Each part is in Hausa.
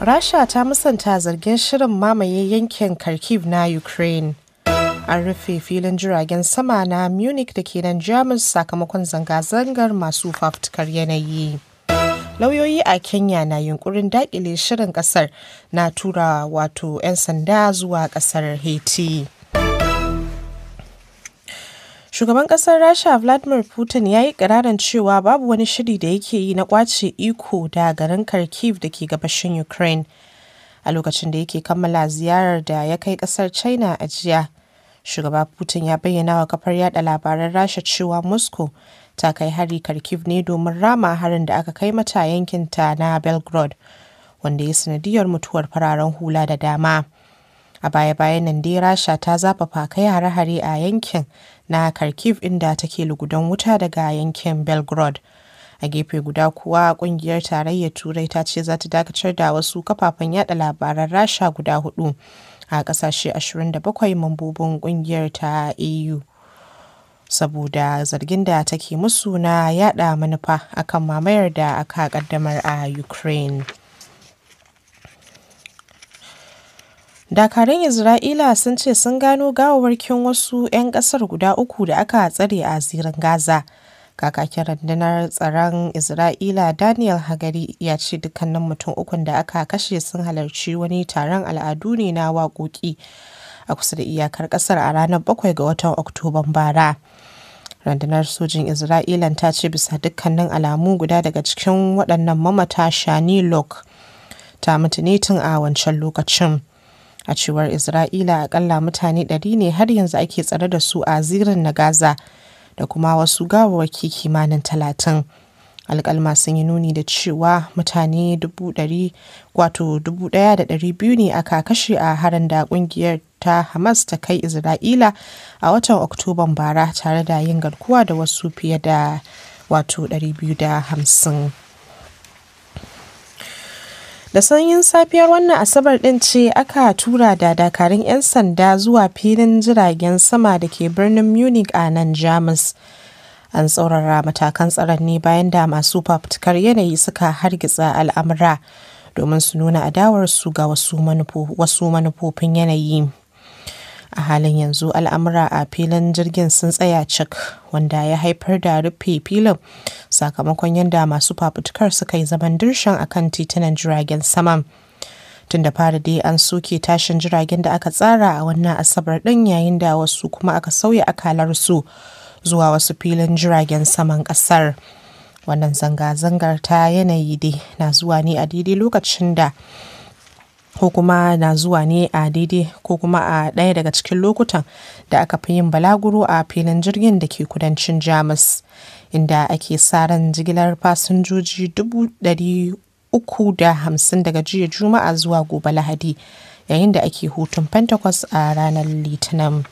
rasha ta musanta zargin shirin mamaye yankin kharkiv na ukraine an rufe filin jiragen sama na munich da ke nan jamus sakamakon zanga-zangar masu fafutukar yanayi lauyoyi a kenya na yunkurin daƙile shirin ƙasar na tura wato 'yan sanda zuwa ƙasar haiti Shugaban ƙasar Rasha Vladimir Putin ya yi ƙirarin cewa babu wani shiri da yake yi na ƙwace iko da garin Kharkiv da ke gabashin Ukraine. A lokacin da yake kammala ziyarar da ya kai ƙasar China a jiya, Shugaba Putin ya bayyana wa kafar yada labaran Rasha cewa Moscow ta kai hari Kharkiv ne domin rama harin da aka kai mata yankinta na Belgrade, wanda ya sanadiyar mutuwar fararen hula da dama. a baya-bayan nan dai rasha ta zafafa kai hare-hare a yankin na kharkiv inda take lugudan wuta daga yankin belgrade a gefe guda kuwa kungiyar tarayyar turai ta ce za ta dakatar da wasu kafafen yada labaran rasha guda hudu a kasashe 27 mambobin kungiyar ta eu saboda zargin da take musu na yada manufa akan mamayar da aka kaddamar a ukraine dakarun isra'ila sun ce sun gano gawarwakin wasu 'yan kasar guda uku da aka tsare a zirin gaza kakakin rundunar tsaron isra'ila daniel hagari ya ce dukkanin mutum ukun da aka kashe sun halarci wani taron al'adu ne na waƙoƙi a kusa da iyakar ƙasar a ranar 7 ga watan oktoban bara rundunar sojin isra'ila ta ce bisa dukkanin alamu guda daga cikin waɗannan mamata shani lok ta mutu ne tun a wancan lokacin A cewar Isra'ila akalla mutane ɗari ne har yanzu ake tsare da su a zirin na Gaza da kuma wasu gawawaki kimanin talatin. alkalma sun yi nuni da cewa mutane biyu ne aka kashe a harin da ƙungiyar ta hamas ta kai isra'ila a watan oktoban bara tare da yin garkuwa da wasu fiye da wato 250 da sanyin safiyar wannan asabar din ce aka tura da dakarun 'yan sanda zuwa filin jiragen sama da ke birnin munich a nan jamus an tsaurara matakan tsaron ne bayan da masu fafutukar yanayi suka hargitsa al'amura domin su nuna adawarsu ga wasu manufofin yanayi a halin yanzu al'amura a filin jirgin sun tsaya cik wanda ya haifar da rufe filin sakamakon yadda masu fafutukar suka yi zaman dirshan a kan titunan jiragen saman tun da fara dai an soke tashin jiragen da aka tsara a wannan asabar din yayin da wasu kuma aka sauya akalarsu zuwa wasu filin jiragen saman kasar wannan zanga-zangar ta yanayi dai na zuwa ne a daidai lokacin da ko kuma na zuwa ne a daidai ko kuma a ɗaya daga cikin lokutan da aka fi yin balaguro a filin jirgin da ke kudancin jamus inda ake sa ran jigilar fasinjoji 350 daga jiya juma'a zuwa gobe lahadi yayin da ake hutun pentecost a ranar litinin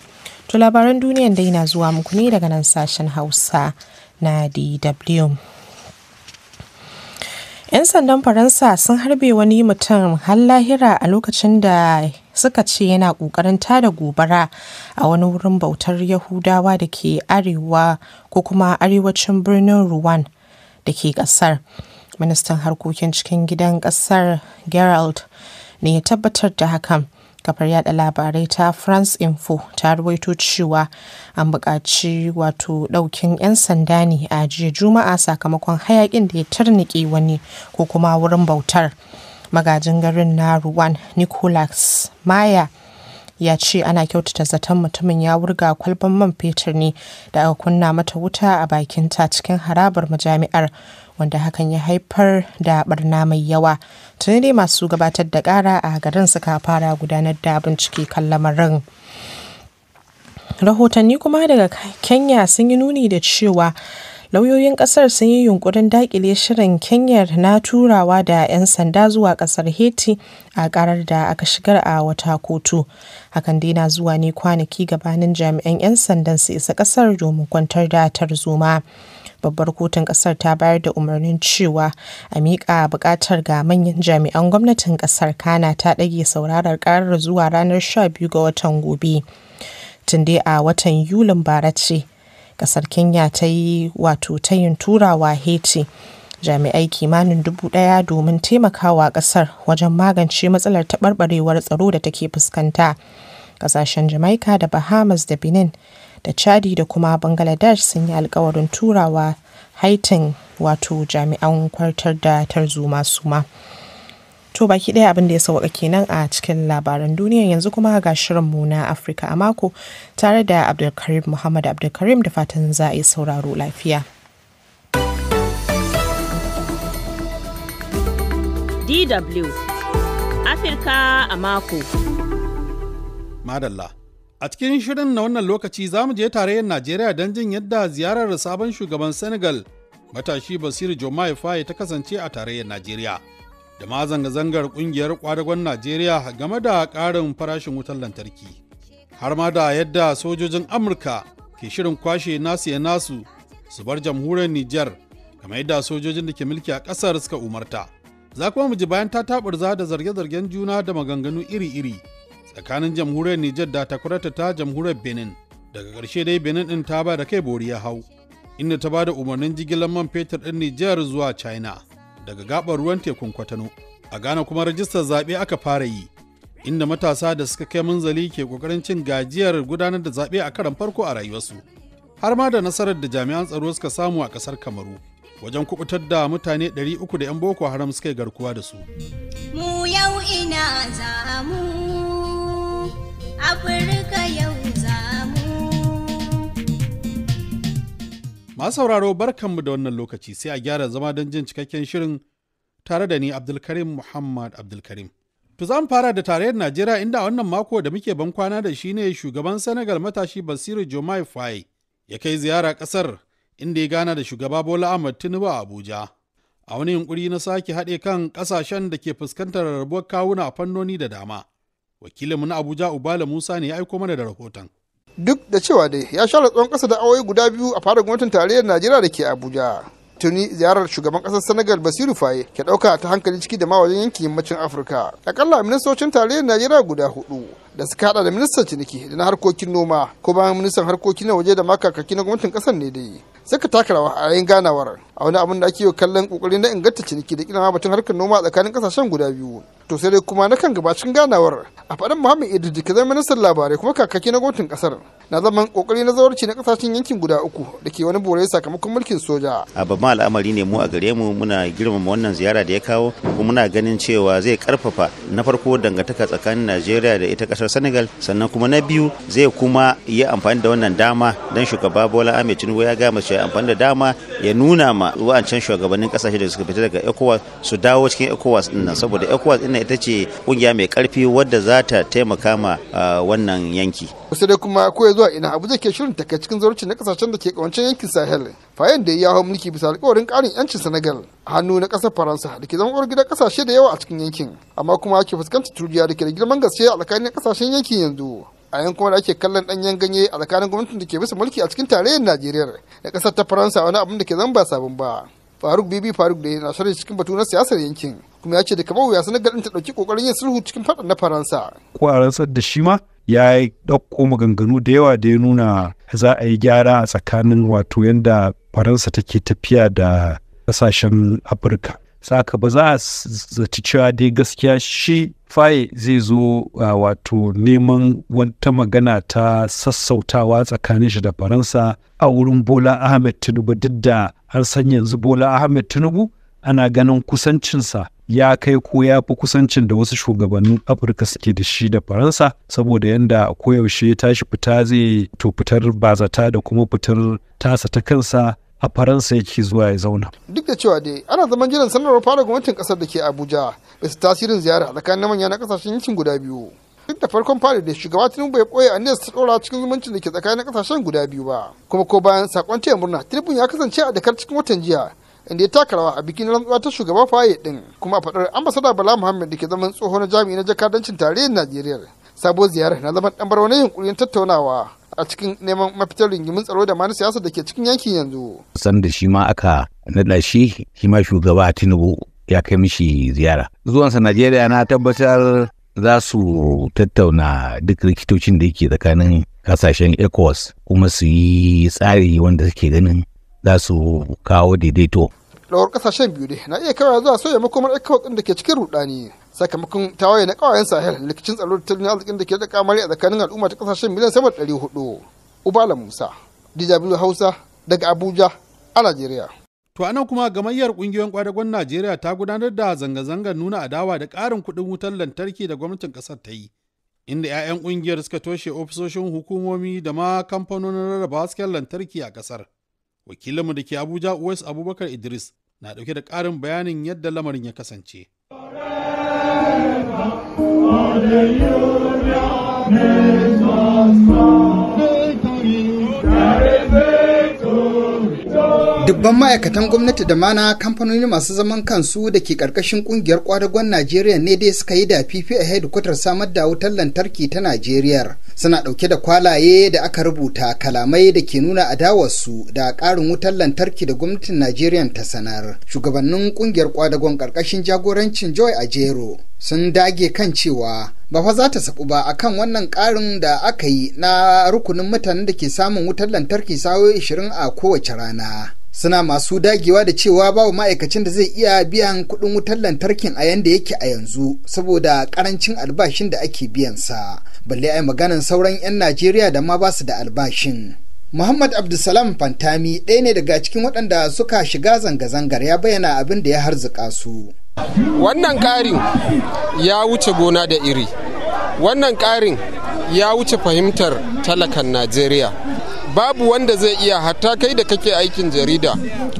to labaran duniyan dai na zuwa muku ne daga nan sashen hausa na dw 'Yan sandan Faransa sun harbe wani mutum har lahira a lokacin da suka ce yana ƙoƙarin tada gobara a wani wurin bautar Yahudawa da ke arewa ko kuma arewacin birnin ruwan da ke ƙasar. Ministan harkokin cikin gidan ƙasar Gerald ne ya tabbatar da hakan. kafar yada labarai ta france info ta ruwaito cewa an buƙaci wato ɗaukin 'yan sanda ne a jiya juma'a sakamakon hayakin da ya tarnike wani ko kuma wurin bautar magajin garin na ruwan nicholas maya ya ce ana kyautata zaton mutumin ya wurga kwalban man fetur ne da aka kunna mata wuta a bakinta cikin harabar majami'ar wanda hakan ya haifar da barna mai yawa tuni dai masu gabatar da kara a garin suka fara gudanar da bincike kan lamarin rahotanni kuma daga kenya sun yi nuni da cewa Lauyoyin ƙasar sun yi yunƙurin dakile shirin kyanyar na turawa da 'yan sanda zuwa ƙasar Haiti a ƙarar da aka shigar a wata kotu. Hakan dai na zuwa ne kwanaki gabanin jami'an 'yan sandan su isa ƙasar domin kwantar da tarzoma. babbar kotun kasar ta bayar da umarnin cewa a miƙa buƙatar ga manyan jami'an gwamnatin kasar kana ta ɗage saurarar ƙarar zuwa ranar 12 ga watan gobe Tunde a watan yulin bara ce kasar kenya ta yi wato tayin turawa haiti jami'ai kimanin dubu daya domin taimakawa kasar wajen magance matsalar taɓarɓarewar tsaro da take fuskanta kasashen jamaica da bahamas da benin da chadi da kuma bangladesh sun yi alkawarin turawa haitin wato jami'an kwartar da tarzoma suma. To baki ɗaya abin da ya sauka kenan a cikin labaran duniya yanzu kuma ga shirinmu na Afirka a mako tare da Abdulkarim Muhammad Abdulkarim da fatan za a yi sauraro lafiya. DW Afirka a mako. Madalla. A cikin shirin na wannan lokaci za mu je tarayyar Najeriya don jin yadda ziyarar sabon shugaban Senegal matashi Basiru Jomai Faye ta kasance a tarayyar Najeriya. da ma zanga-zangar kungiyar kwadagon Najeriya game da ƙarin farashin wutar lantarki. Har ma da yadda sojojin Amurka ke shirin kwashe nasu ya nasu su bar jamhuriyar Nijar kamar yadda sojojin da ke mulki a kasar suka umarta. Za kuma mu ji bayan ta taɓarza da zarge-zargen juna da maganganu iri-iri tsakanin jamhuriyar Nijar da takwarata ta jamhuriyar Benin. Daga ƙarshe dai Benin ɗin ta ba da kai bori ya hau, inda ta ba da umarnin jigilar man fetur ɗin Nijar zuwa China. daga gabar ruwan tekun kwatano a ghana kuma rajistar zaɓe aka fara yi inda matasa da suka kai munzali ke kokarin cin gajiyar gudanar da zaɓe a karan farko a rayuwarsu har ma da nasarar da jami'an tsaro suka samu a ƙasar kamaru wajen kubutar da mutane 300 da 'yan boko haram suka garkuwa da su mu yau ina zamu a Masu sauraro barkanmu da wannan lokaci sai a gyara zama don jin cikakken shirin tare da ni Abdulkarim Muhammad Abdulkarim. To za fara da tarayyar Najeriya inda wannan mako da muke ban kwana da shi ne shugaban Senegal matashi Basiru Jomai Faye ya kai ziyara ƙasar inda ya gana da shugaba Bola Ahmed Tinubu a Abuja. A wani yunkuri na sake haɗe kan ƙasashen da ke fuskantar rabuwar kawuna a fannoni da dama. Wakilinmu na Abuja Ubala Musa ne ya aiko mana da rahoton. duk da cewa dai ya share tsawon kasa da awoyi guda biyu a fara gwamnatin tarayyar najeriya da ke abuja tuni ziyarar shugaban kasar senegal basiru faye ke dauka ta hankali ciki da ma wajen yankin yammacin afirka akalla ministocin tarayyar najeriya guda hudu da suka hada da ministan ciniki da na harkokin noma ko bayan ministan harkokin na waje da makakaki na gwamnatin kasar ne dai suka taka rawa a yayin ganawar a wani abin da ake yi kallon kokari na inganta ciniki da kina batun harkar noma a tsakanin kasashen guda biyu to sai dai kuma na kan gabacin ganawar a faɗin muhammad idris da ministan labarai kuma kakaki na gwamnatin kasar na zaman kokari na zawarci na kasashen yankin guda uku da ke wani bore sakamakon mulkin soja a babban al'amari ne mu a gare mu muna girmama wannan ziyara da ya kawo kuma muna ganin cewa zai karfafa na farko dangantaka tsakanin najeriya da ita kasar senegal sannan kuma na biyu zai kuma yi amfani da wannan dama don shugaba bola ahmed tinubu ya gama cewa amfani da dama ya nuna ma wa'ancan shugabannin kasashe da suka fita daga ecowas su dawo cikin ecowas din saboda ecowas din ita ce kungiya mai karfi wadda za ta taimaka ma ah, wannan yanki kusa da kuma ko ya zuwa ina abuja ke shirin ta kai cikin zarurci na kasashen da ke kawancin yankin sahel fayan da ya hau mulki bisa alkawarin karin yancin senegal hannu na kasar faransa da ke zama uwar gida kasashe da yawa a cikin yankin amma kuma ake fuskantar turjiya da ke da girman gaske a tsakanin kasashen yankin yanzu a yan kuma da ake kallon danyen ganye a tsakanin gwamnatin da ke bisa mulki a cikin tarayyar najeriya da kasar ta faransa wani abin da ke zama ba sabon ba faruk bibi faruk da yana shirin cikin batu na siyasar yankin kuma ya ce da kamar wuya sanar garin ta ɗauki ƙoƙarin yin sulhu cikin faɗan na faransa ko a rantsar da shi ma ya yi ɗauko maganganu da yawa da ya nuna za a yi gyara a tsakanin wato yadda faransa take tafiya da ƙasashen afirka saka ba za a zaci cewa dai gaskiya shi faye zai zo a wato neman wata magana ta sassautawa tsakanin shi da faransa a wurin bola ahmed tinubu duk da har san yanzu bola ahmed tinubu ana ganin kusancinsa ya kai ko ya fi kusancin da wasu shugabannin afirka suke da shi da faransa saboda yadda koyaushe tashi fita zai to fitar bazata da kuma fitar tasa ta kansa a faransa yake zuwa ya zauna duk da cewa dai ana zaman jiran sanarwar fara gwamnatin kasar da ke abuja bisa tasirin ziyara tsakanin manya na kasashen yankin guda biyu duk da farkon fari da shugaba tinubu ya boye a ta tsora cikin zumuncin da ke tsakanin kasashen guda biyu ba kuma ko bayan sakon taya murna tinubu ya kasance a dakar cikin watan jiya inda ya taka rawa a bikin rantsuwa ta shugaban faye din kuma a faɗar ambasada bala muhammad da ke zaman tsoho na jami'i na jakadancin tarayyar najeriya sabo ziyarar na zaman ɗan wani yunkurin tattaunawa a cikin neman mafitar rigimin tsaro da mani siyasa da ke cikin yankin yanzu. san da shi ma aka naɗa shi shi ma shugaba tinubu ya kai mishi ziyara zuwansa najeriya na tabbatar za su tattauna duk rikitocin da yake tsakanin kasashen ecowas kuma su yi tsari wanda suke ganin za su kawo daidaito ɗawar kasashen biyu dai na iya kawai zuwa sauya makomar ecowas ɗin da ke cikin rudani sakamakon tawaye na ƙawayen sahel likicin tsaro da tattalin arzikin da ke da kamari a tsakanin al'umma ta ƙasashen miliyan sama da hudu ubala musa dijabilu hausa daga abuja a nigeria. to anan kuma gamayyar kungiyoyin kwadagon najeriya ta gudanar da zanga-zangar nuna adawa da karin kudin wutar lantarki da gwamnatin kasar ta yi inda 'ya'yan kungiyar suka toshe ofisoshin hukumomi da ma kamfanonin rarraba hasken lantarki a kasar. wakilinmu da ke abuja uwais abubakar idris na dauke da ƙarin bayanin yadda lamarin ya kasance Dubban ma'aikatan gwamnati da mana kamfanoni masu zaman kansu da ke ƙarƙashin ƙungiyar kwadagon Najeriya ne dai suka yi da fifi a hedikwatar samar da wutar lantarki ta Najeriya. Suna ɗauke da kwalaye da aka rubuta kalamai da ke nuna adawarsu da ƙarin wutar lantarki da gwamnatin Najeriya ta sanar. Shugabannin ƙungiyar kwadagon karkashin jagorancin Joy Ajero sun dage kan cewa ba fa za ta saku ba akan wannan ƙarin da aka yi na rukunin mutanen da ke samun wutar lantarki sa'o'i 20 a kowace rana. suna masu dagewa da cewa babu ma'aikacin da zai iya biyan kuɗin wutar lantarkin a yanda yake a yanzu saboda karancin albashin da ake biyansa balle ai maganan sauran 'yan najeriya da ma basu da albashin muhammad abdulsalam fantami ɗaya ne daga cikin waɗanda suka shiga zanga-zangar ya bayyana abin da ya harzuka su wannan ƙarin ya wuce gona da iri wannan ƙarin ya wuce fahimtar talakan najeriya babu wanda zai iya hatta kai da kake aikin jarida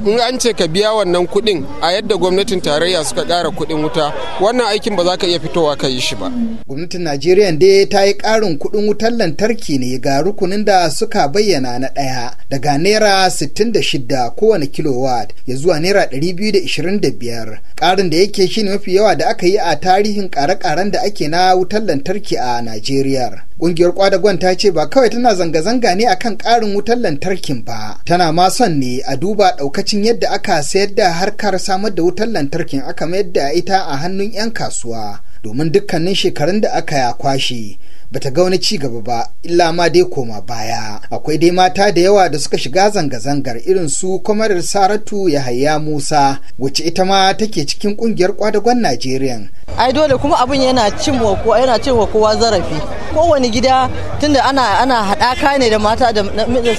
in an ce ka biya wannan kudin a yadda gwamnatin tarayya suka kara kudin wuta wannan aikin ba za ka iya fitowa ka yi shi ba gwamnatin najeriya dai ta yi ƙarin kudin wutar lantarki ne ga rukunin da suka bayyana na ɗaya daga naira 66 kowane kilowatt ya zuwa naira 225 ƙarin da yake shine mafi yawa da aka yi a tarihin ƙare-ƙaren da ake na wutar lantarki a najeriya ƙungiyar kwadagon ta ce ba kawai tana zanga-zanga ne akan ƙarin kan wutar lantarkin ba tana ma son ne a duba daukacin yadda aka sayar da harkar samar da wutar lantarkin aka mayar da ita a hannun 'yan kasuwa domin dukkanin shekarun da aka ya kwashe bata ga wani ci gaba ba illa ma dai koma baya akwai dai mata da yawa da suka shiga zanga-zangar irin su kwamarar saratu yahaya musa wacce ita ma take cikin kungiyar kwadagon najeriya ai dole kuma abin yana cin wa yana cin kowa zarafi kowane gida tunda ana ana haɗaka ne da mata da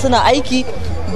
suna aiki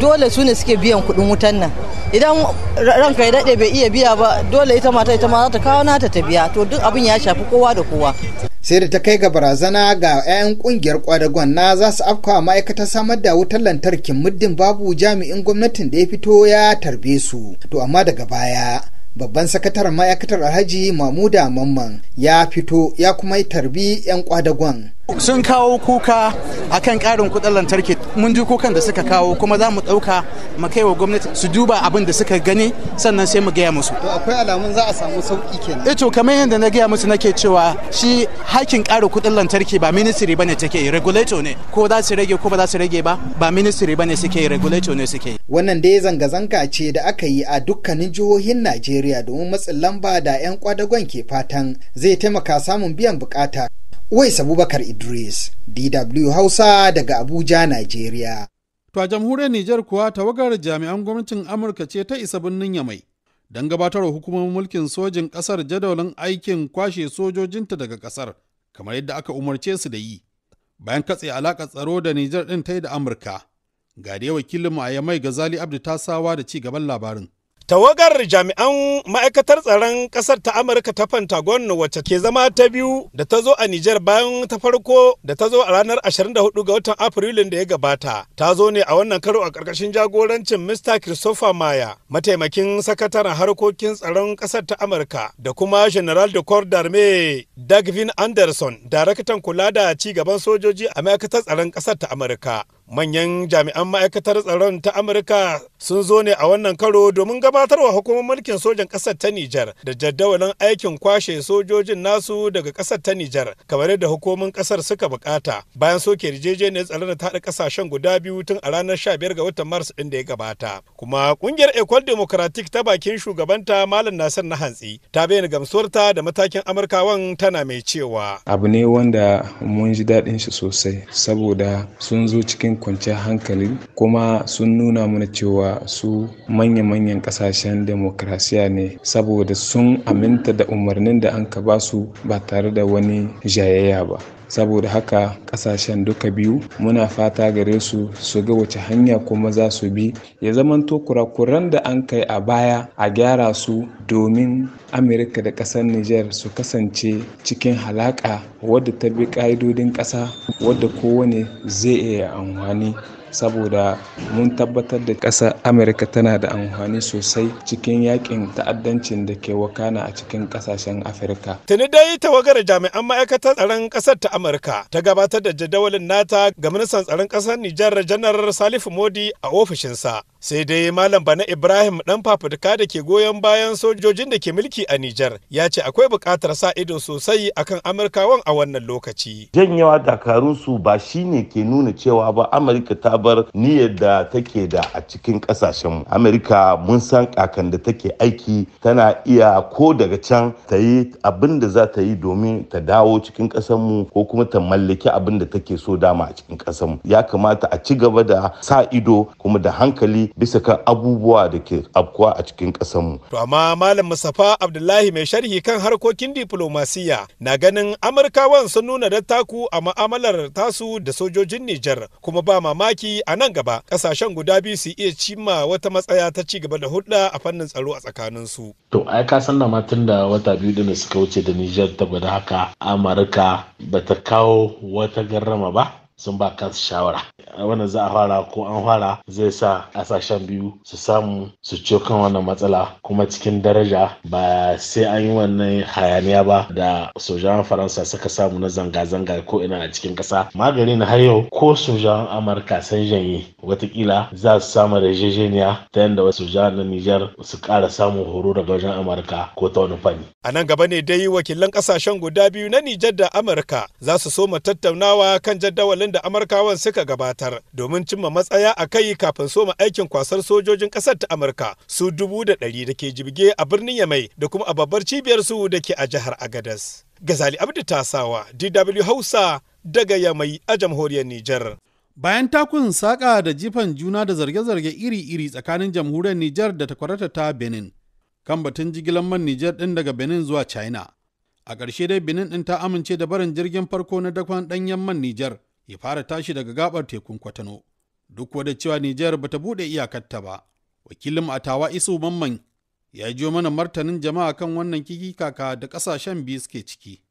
dole su ne suke biyan kuɗin wutan nan idan ranka ya daɗe bai iya biya ba dole ita mata ita ma za ta kawo nata ta biya to duk abin ya shafi kowa da kowa sai da ta kai ga barazana ga 'yan kungiyar kwadagon na za su afkawa ma'aikata samar da wutar lantarkin muddin babu jami'in gwamnatin da ya fito ya tarbe su to amma daga baya babban sakataren ma'aikatar alhaji mamuda mamman ya fito ya kuma yi tarbi 'yan kwadagon sun kawo kuka a kan karin kudin lantarki mun ji kukan da suka kawo kuma za mu dauka mu kai wa gwamnati su duba abin da suka gani sannan sai mu gaya musu to akwai alamun za a samu sauki kenan eh to kamar yadda na gaya musu nake cewa shi hakin karin kudin lantarki ba ministry bane take yi regulator ne ko za su rage ko ba za su rage ba ba ministry bane suke regulator ne suke wannan dai zanga zanga ce da aka yi a dukkanin jihohin Najeriya domin matsin lamba da 'yan kwadagon ke fatan zai taimaka samun biyan bukata Uwais Abubakar Idris, DW Hausa daga Abuja, Najeriya. To a jamhuriyar Nijar kuwa tawagar jami'an gwamnatin Amurka ce ta isa birnin Yamai don gabatarwa hukumomin mulkin sojin ƙasar jadawalin aikin kwashe sojojinta daga ƙasar kamar yadda aka umarce su da yi. Bayan katse alaƙa tsaro da Nijar ɗin ta yi da Amurka, ga dai wakilinmu a Yamai Gazali Abdu ta sawa da ci gaban labarin. Tawagar jami'an ma'aikatar tsaron ƙasar ta Amurka ta Pentagon wacce ke zama ta biyu da ta zo a Nijar bayan ta farko da ta zo a ranar 24 ga watan Afrilun da ya gabata. Ta zo ne a wannan karo a ƙarƙashin jagorancin Mr. Christopher Maya, mataimakin sakataren harkokin tsaron ƙasar ta Amurka da kuma General de Corps d'Armée Dagvin Anderson, daraktan kula da ci gaban sojoji a ma'aikatar tsaron ƙasar ta Amurka. manyan jami'an ma'aikatar tsaron ta amurka sun zo ne a wannan karo domin gabatarwa hukumar mulkin sojan ƙasar ta nijar da jaddawalin aikin kwashe sojojin nasu daga ƙasar ta nijar kamar yadda hukumomin kasar suka bukata bayan soke yarjejeniyar tsaron ta haɗa ƙasashen guda biyu tun a ranar biyar ga watan mars ɗin da ya gabata kuma ƙungiyar ecol democratic ta bakin shugabanta malam nasir na hantsi ta bayyana ta da matakin amurkawan tana mai cewa abu ne wanda mun ji daɗin shi sosai saboda sun zo cikin kwanciyar hankali kuma sun nuna mana cewa su manya-manyan kasashen demokrasiya ne saboda sun aminta da umarnin da an ka su ba tare da wani jayayya ba saboda haka kasashen duka biyu muna fata gare su su ga wace hanya kuma za su bi ya zamanto kurakuran da an kai a baya a gyara su domin amurka da ƙasar niger su kasance cikin halaƙa wadda ta bi ƙa'idodin ƙasa wadda kowane zai iya amfani saboda mun tabbatar da ƙasar amurka tana da amfani sosai cikin yakin ta'addancin da ke wakana a cikin ƙasashen afirka tuni dai tawagar jami'an ma'aikatar tsaron ƙasar ta amurka ta gabatar da jadawalin nata ga ministan tsaron ƙasar nijar janar salifu modi a ofishinsa sai dai malam bana ibrahim dan fafutuka da ke goyon bayan sojojin da ke mulki a nijar ya ce akwai buƙatar sa ido sosai akan amurkawan a wannan lokaci janyewa dakarunsu ba shine ke nuna cewa ba amurka ta sabar niyyar da take da a cikin kasashenmu amerika mun san kakan da take aiki tana iya ko daga can ta yi abin da za ta yi domin ta dawo cikin kasanmu ko kuma ta mallaki abin da take so dama a cikin kasanmu ya kamata a ci gaba da sa ido kuma da hankali bisa kan abubuwa da ke afkuwa a cikin kasanmu to amma malam musafa abdullahi mai sharhi kan harkokin diplomasiya na ganin amurkawan sun nuna dattaku a ma'amalar tasu da sojojin nijar kuma ba mamaki a nan gaba kasashen guda biyu su iya cimma wata matsaya ta ci gaba da hulɗa a fannin tsaro a tsakanin su. To ai ka san da matan da wata biyu da suka wuce da Nijar ta gwada haka Amurka ta kawo wata garrama ba sun ba kansu shawara wanda za a fara ko an fara zai sa ƙasashen biyu su samu su ciyo kan wannan matsala kuma cikin daraja ba sai an yi wannan hayaniya ba da sojan faransa suka samu na zanga-zanga ko ina a cikin kasa magani na har yau ko sojan amurka sun janye watakila za su samu da yarjejeniya ta yadda wasu sojan na nijar su kara samun horo daga wajen amurka ko ta wani fanni a nan gaba ne dai wakilan kasashen guda biyu na nijar da amurka za su soma tattaunawa kan jadawalin da amurkawan suka gabata buƙatar domin cimma matsaya a kai kafin soma aikin kwasar sojojin ƙasar ta Amurka su dubu da ɗari da ke jibge a birnin Yamai da kuma a babbar cibiyar su da ke a jihar Agadas. Gazali Abdu Tasawa, DW Hausa daga Yamai a jamhuriyar Nijar. Bayan takun saƙa da jifan juna da zarge-zarge iri-iri tsakanin jamhuriyar Nijar da takwarata ta Benin, kan batun jigilar man Nijar ɗin daga Benin zuwa China. A ƙarshe dai Benin ɗin ta amince da barin jirgin farko na dakon ɗanyen man Nijar ya fara tashi daga gabar tekun kwatano duk wada cewa nijar bata bude iyakarta ba wakilin atawa isu mamman ya jiyo mana martanin jama'a kan wannan kiki da kasashen biyu suke ciki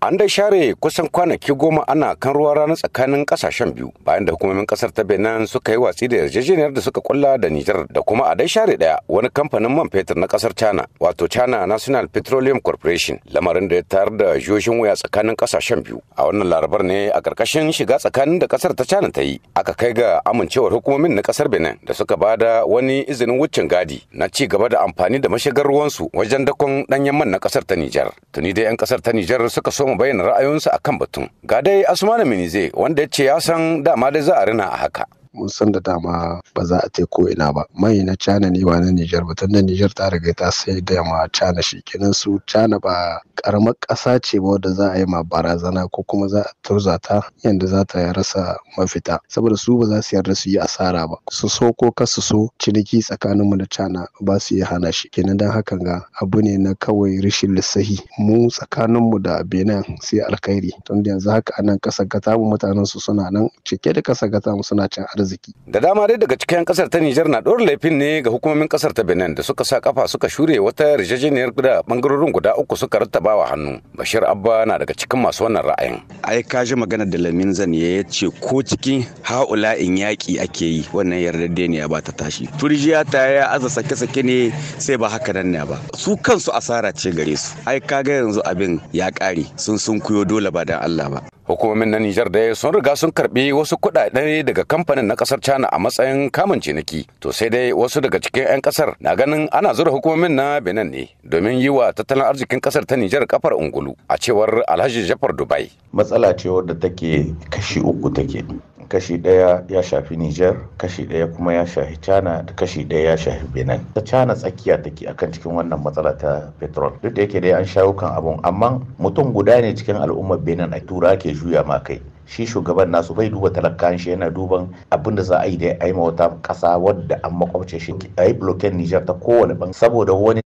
An dai share kusan kwanaki goma ana kan ruwa rana tsakanin kasashen biyu bayan da hukumomin kasar ta Benin suka yi watsi da yarjejeniyar da suka kulla da Nijar da kuma a dai share daya wani kamfanin man fetur na kasar China wato China National Petroleum Corporation lamarin da ya tayar da joshin wuya tsakanin kasashen biyu. A wannan larabar ne a karkashin shiga tsakanin da kasar ta China ta yi aka kai ga amincewar hukumomin na kasar Benin da suka ba da wani izinin wucin gadi na ci gaba da amfani da mashigar ruwansu wajen dakon danyen man na kasar ta Nijar. Tuni dai 'yan kasar ta Nijar suka so mu bayyana ra'ayoyinsu kan batun. Ga dai Asmanu Minize wanda ya ce ya san dama da za a rina a haka. mun san da dama ba za a ko ina ba mai na cana ne ba na nijar ba tunda nijar ta riga ta sai da ma cana shi kenan su cana ba karamar ƙasa ce ba wadda za a yi ma barazana ko kuma za a turza ta yadda za ta rasa mafita saboda su ba za su yarda su yi asara ba su so ko ka su so ciniki tsakanin mu da cana ba su yi hana shi kenan don hakan ga abu ne na kawai rashin lissahi mu tsakanin mu da benin sai alkhairi tunda yanzu haka anan ƙasar gata mu mutanen su suna nan cike da ƙasar gata mu suna cin arziki. Da dama dai daga cikin kasar ta Nijar na ɗora laifin ne ga hukumomin kasar ta Benin da suka sa kafa suka shure wata yarjejeniyar guda bangarorin guda uku suka rattaba wa hannu. Bashir Abba na daga cikin masu wannan ra'ayin. Ai ka ji magana da Lamin Zaniya ya ce ko cikin ha'ula in yaƙi ake yi wannan yarjejeniya ba ta tashi. Turjiya ta ya aza sake-sake ne sai ba haka nan ne ba. Su kansu asara ce gare su. Ai ka ga yanzu abin ya ƙare sun sun kuyo dole ba dan Allah ba. hukumomin na Nijar dai sun riga sun karbi wasu kuɗaɗe daga kamfanin na ƙasar China a matsayin kamun ciniki to sai dai wasu daga cikin 'yan ƙasar na ganin ana zura hukumomin na Benin ne domin yi wa tattalin arzikin ƙasar ta Nijar kafar ungulu a cewar Alhaji Jafar Dubai matsala ce wadda take kashi uku take kashi daya ya shafi niger kashi daya kuma ya shafi china da kashi daya ya shafi benin ta china tsakiya take akan cikin wannan matsala ta petrol duk da yake dai an shawo kan abun amma mutum guda ne cikin al'ummar benin a tura ke juya ma kai shi shugaban nasu bai duba talakan shi yana duban abin da za a yi da ya aima wata kasa wadda an makwabce shi a yi blokin niger ta kowane ban saboda wani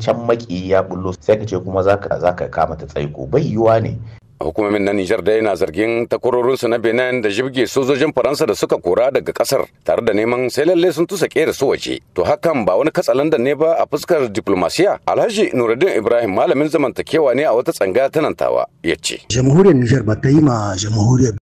can maki ya bullo sai ka ce kuma zaka zaka kama ta tsaiko bai yiwa ne hukumomin na Nijar dai na zargin takwarorinsu na Benin da jibge sojojin Faransa da suka kora daga kasar tare da neman sai lalle sun tusa kera su waje. To hakan ba wani katsalandan ne ba a fuskar diplomasiya. Alhaji Nuruddin Ibrahim malamin zamantakewa ne a wata tsanga ta Nantawa ya ce. Jamhuriyar Nijar ba ta yi ma jamhuriyar